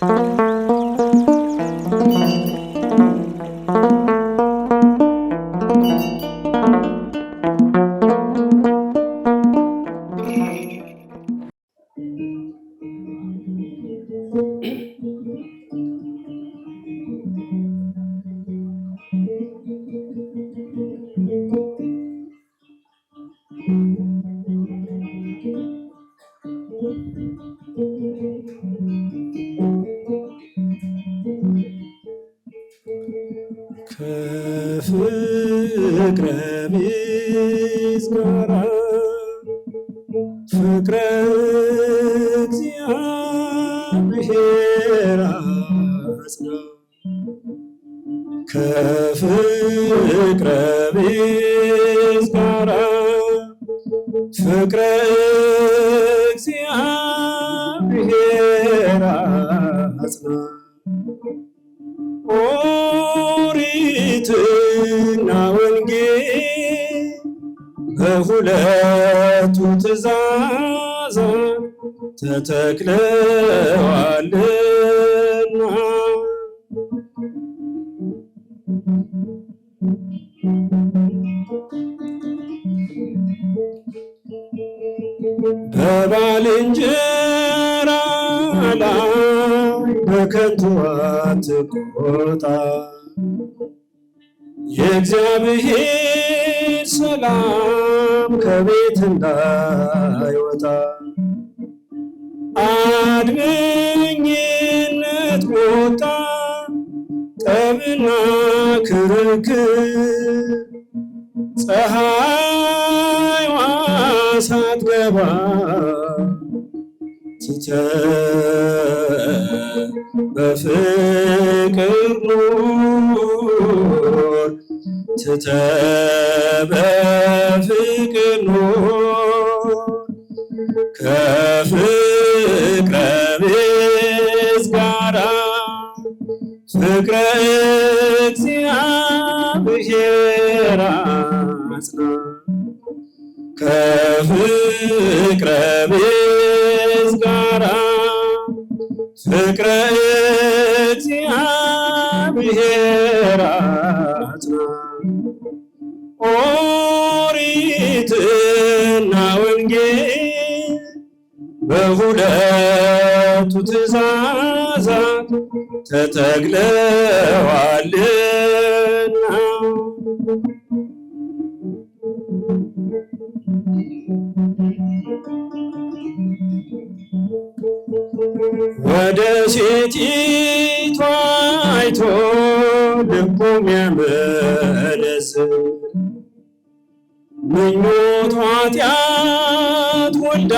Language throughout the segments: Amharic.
嗯 ፍቅረ ምስጋና ፍቅረ እግዚአብሔር አጽና ከፍቅረ ምስጋና ፍቅረ እግዚአብሔር አጽና በሁለቱ ትእዛዝ ተተክለዋልና በባልንጀራ ላይ በከንቱ አትቆጣ የእግዚአብሔር ሰላም ከቤት እንዳይወጣ አድመኝነት ሞጣ ጠብና ክርክር ፀሐይዋ ሳትገባ ትተ በፍቅር ትተህ በፍቅር ኑር ከፍቅረ ቢጽ ጋራ ፍቅረ እግዚአብሔር አጽናን ከፍቅረ ቢጽ ጋራ ፍቅረ እግዚአብሔር አጽናን ኦሪትና ወንጌል በሁለቱ ትእዛዛት ተተግለዋልና ወደ ሴቲቷ አይቶ ልቡ ሚያም በተመኙት ኃጢአት ወልዳ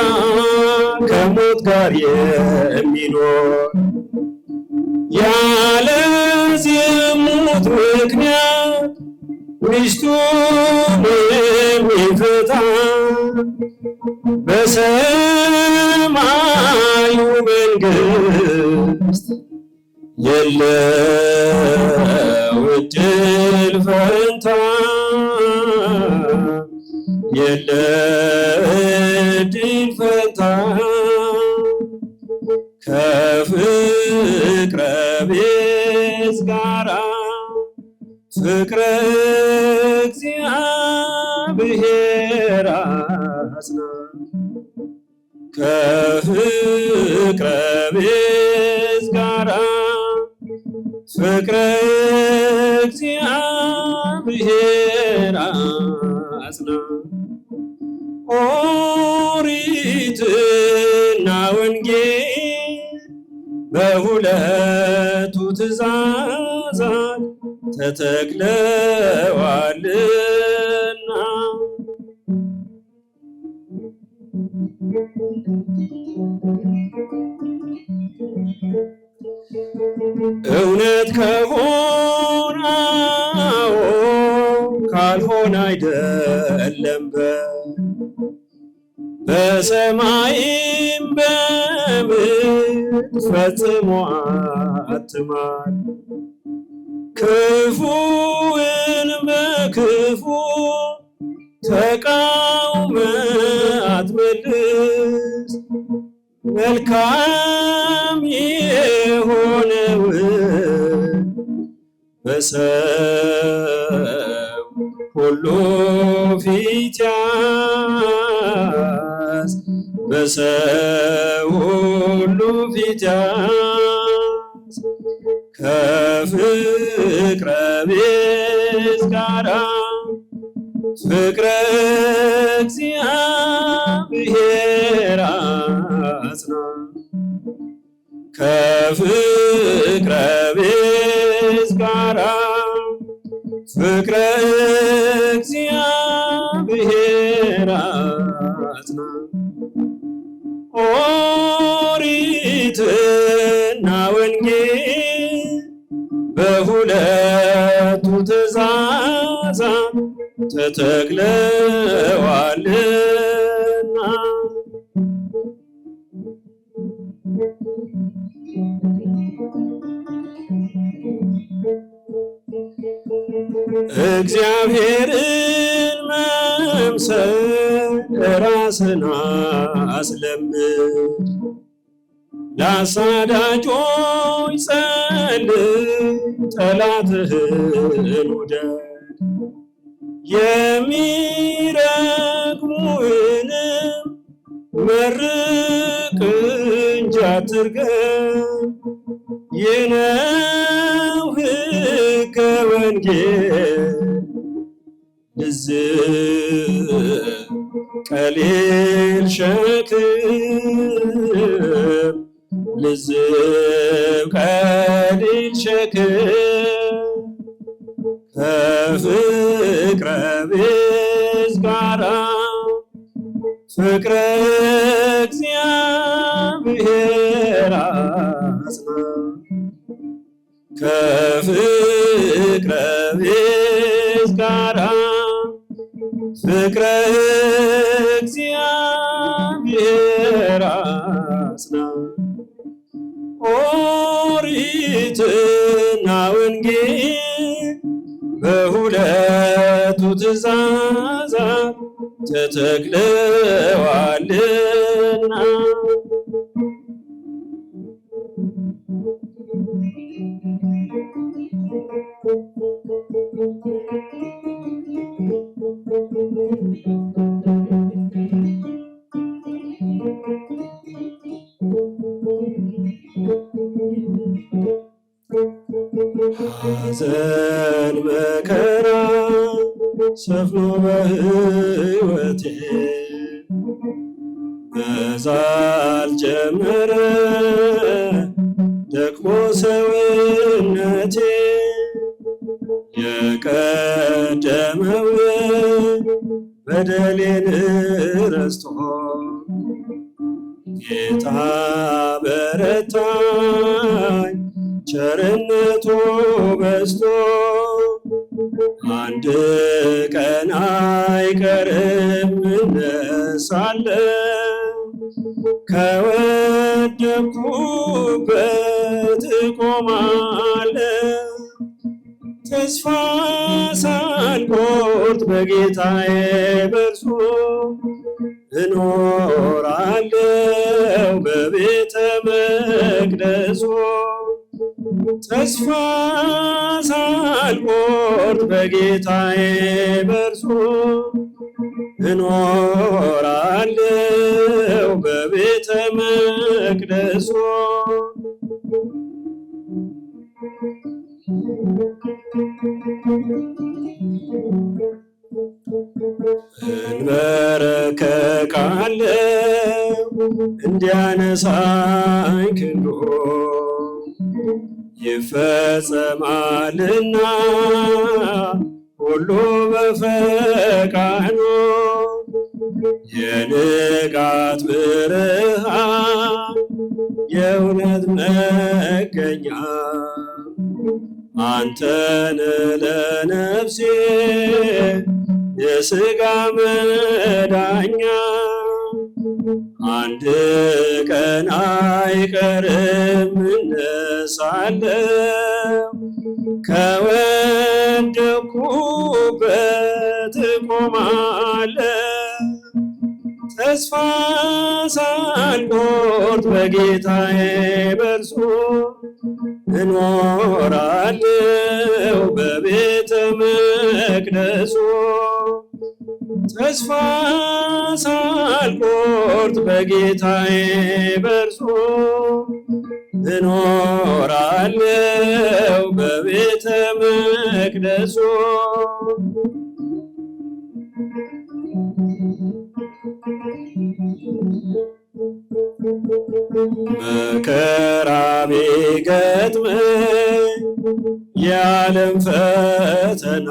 ከሞት ጋር የሚኖር ያለዚህ ሞት ምክንያት ሚስቱን የሚፈታ በሰማዩ መንግስት የለው ዕድል ፈንታ የለድል ፈንታ ከፍቅረ ቢጽ ጋራ ፍቅረ እግዚአብሔር አጽናን ከፍቅረ ቢጽ ጋራ ፍቅረ እግዚአብሔር አጽናን በሁለቱ ትእዛዛት ተተክለዋልና እውነት ከሆነው ካልሆነ አይደለም በሰማይም በምድር ፈጽሞ አትማር ክፉን በክፉ ተቃውመ አትመልስ መልካም የሆነውን በሰው ሁሉ በሰው ሁሉ ፊት ከፍቅረ ቢጽ ጋራ ፍቅረ እግዚአብሔር ከፍቅረ ቢጽ ጋራ ፍቅረ እግዚአብሔር አጽናን ተተክለዋልና እግዚአብሔርን መምሰል ራስን አስለምድ። ላሳዳጆች ጸልይ፣ ጠላትህን ውደድ። የሚረግሙንም መርቅ እንጂ አትርገም። ይህ ነው ሕገ ወንጌል ልዝብ ቀሊል ሸክም ልዝብ ቀሊል ሸክም በፍቅረ ቢጽ ፍቅረ እግዚአብሔር አጽና ከፍቅረ ቢጽ ፍቅረ እግዚአብሔር አጽና ተክለዋልና ሐዘን መከራ ሰፍኖ በሕይወቴ መዛል ጀመረ ደክሞ ሰውነቴ የቀደመው በደሌን ረስቶ ጌታ በረታኝ ቸርነቱ በዝቶ አንድ ቀን አይቀርም እነሳለሁ ከወደኩበት እቆማለሁ ተስፋ ሳልቆርጥ በጌታዬ በርሱ እኖራለሁ በቤተ መቅደሶ ተስፋ ሳልቆርጥ በጌታዬ በርሱ እኖራለሁ በቤተ መቅደሱ እንበረከቃለሁ እንዲያነሳ ይፈጸማልና ሁሉ በፈቃዱ የንቃት ብርሃን የእውነት መገኛ አንተን ለነፍሴ የሥጋ መዳኛ አንድ ቀን አይቀርም እነሳለሁ ከወደኩበት እቆማለሁ ተስፋ ሳልቆርጥ በጌታዬ በእርሱ እኖራለሁ በቤተ መቅደሱ ተስፋ ሳልቆርጥ በጌታዬ በእርሱ እኖራለው በቤተ መቅደሱ መከራ ቢገጥመኝ የዓለም ፈተና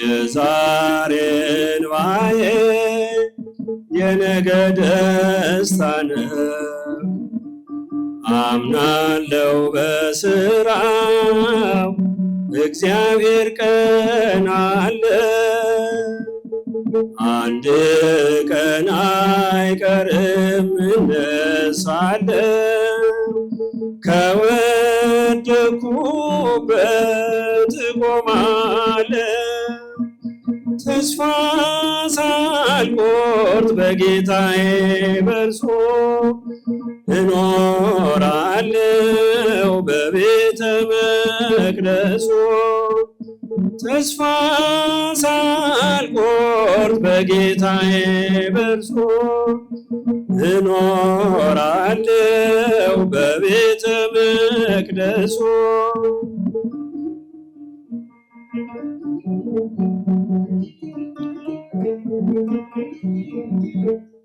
የዛሬ እንባዬ የነገ ደስታ ነው። አምናለው በስራው እግዚአብሔር ቀን አለ፣ አንድ ቀን አይቀርም እነሳለ ከወደኩበት እቆማለን ተስፋ ሳልቆርጥ በጌታዬ በርሱ እኖራለው በቤተ መቅደሱ ተስፋ ሳልቆርጥ በጌታዬ በርሱ እኖራለው በቤተ መቅደሱ Thank you.